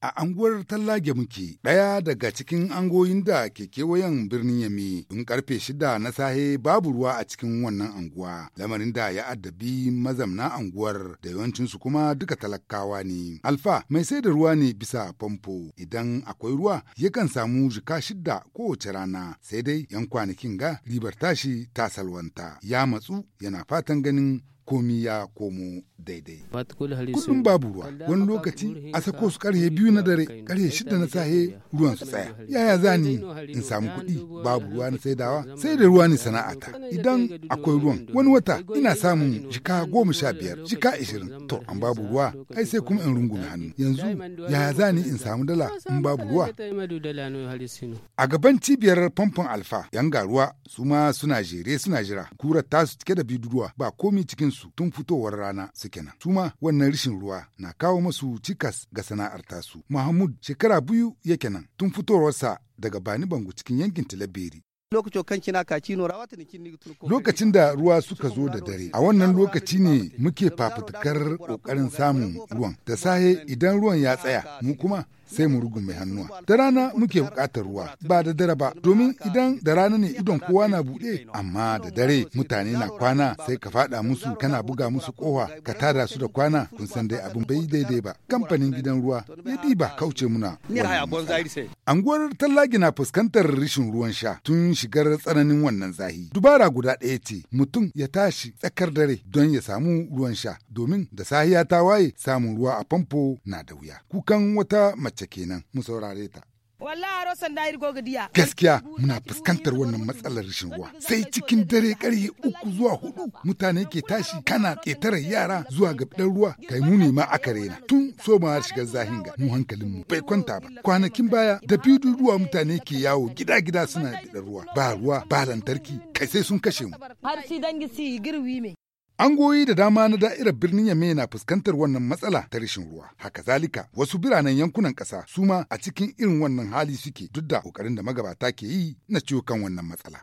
A anguwar Tallage muke ɗaya daga cikin angoyin da ke kewayen birnin yami tun karfe shida na sahe babu ruwa a cikin wannan anguwa lamarin da ya addabi mazamna anguwar da yawancinsu kuma duka talakawa ne. Alfa mai sai da ruwa ne bisa famfo idan akwai ruwa yakan samu jika shida kowace rana sai dai yan kwanakin ga ribar tashi ta salwanta ya matsu yana fatan ganin komi ya komo. daidai. Kudin babu ruwa, wani lokaci a sako su karhe biyu na dare, karhe shida na sahe ruwan su tsaya. Yaya za ni in samu kuɗi babu ruwa na saidawa? Sai da ruwa ne sana'ata. Idan akwai ruwan, wani wata ina samun jika goma sha biyar, jika ishirin. To, an babu ruwa, ai sai kuma in rungume hannu. Yanzu yaya za ni in samu dala in babu ruwa? A gaban cibiyar famfon alfa, yan garuwa su ma suna jere suna jira. Kurar tasu cike da bidiruwa ba komi cikinsu tun fitowar rana. su kenan. Su ma wannan rishin ruwa na kawo masu cikas ga sana'ar tasu. Mahmud shekara biyu ya kenan tun fitowarsa daga Bani Bango cikin yankin Tilaberi. Lokacin da ruwa suka zo da dare, a wannan lokaci ne muke fafutukar ƙoƙarin samun ruwan, da sahe idan ruwan ya tsaya, mu kuma sai mu mai hannuwa. Da rana muke bukatar ruwa ba da dare ba domin idan da rana ne idon kowa na buɗe amma da dare mutane na kwana sai ka faɗa musu kana buga musu kowa ka tada su da kwana kun san dai abin bai daidai ba kamfanin gidan ruwa ya diba kauce muna. Anguwar Tallagi na fuskantar rashin ruwan sha tun shigar tsananin wannan zahi. Dubara guda ɗaya ce mutum ya tashi tsakar dare don ya samu ruwan sha domin da sahiya ta waye samun ruwa a famfo na da wuya. Kukan wata mace mace kenan mu saurare ta wallahi rosan da irgo diya. gaskiya muna fuskantar wannan matsalar rashin ruwa sai cikin dare kare uku zuwa hudu mutane ke tashi kana ƙetare yara zuwa ga bidan ruwa kai mu ne ma aka rena tun so ma shiga zahinga mu hankalin mu bai kwanta ba kwanakin baya da bidu ruwa mutane ke yawo gida gida suna da ruwa ba ruwa ba lantarki kai sai sun kashe mu har dangi si girwi me Angoyi da dama na da'irar birnin Yame na fuskantar wannan matsala ta rashin ruwa. Haka zalika wasu biranen yankunan ƙasa su ma a cikin irin wannan hali suke duk da ƙoƙarin da magabata ke yi na ciwo kan wannan matsala.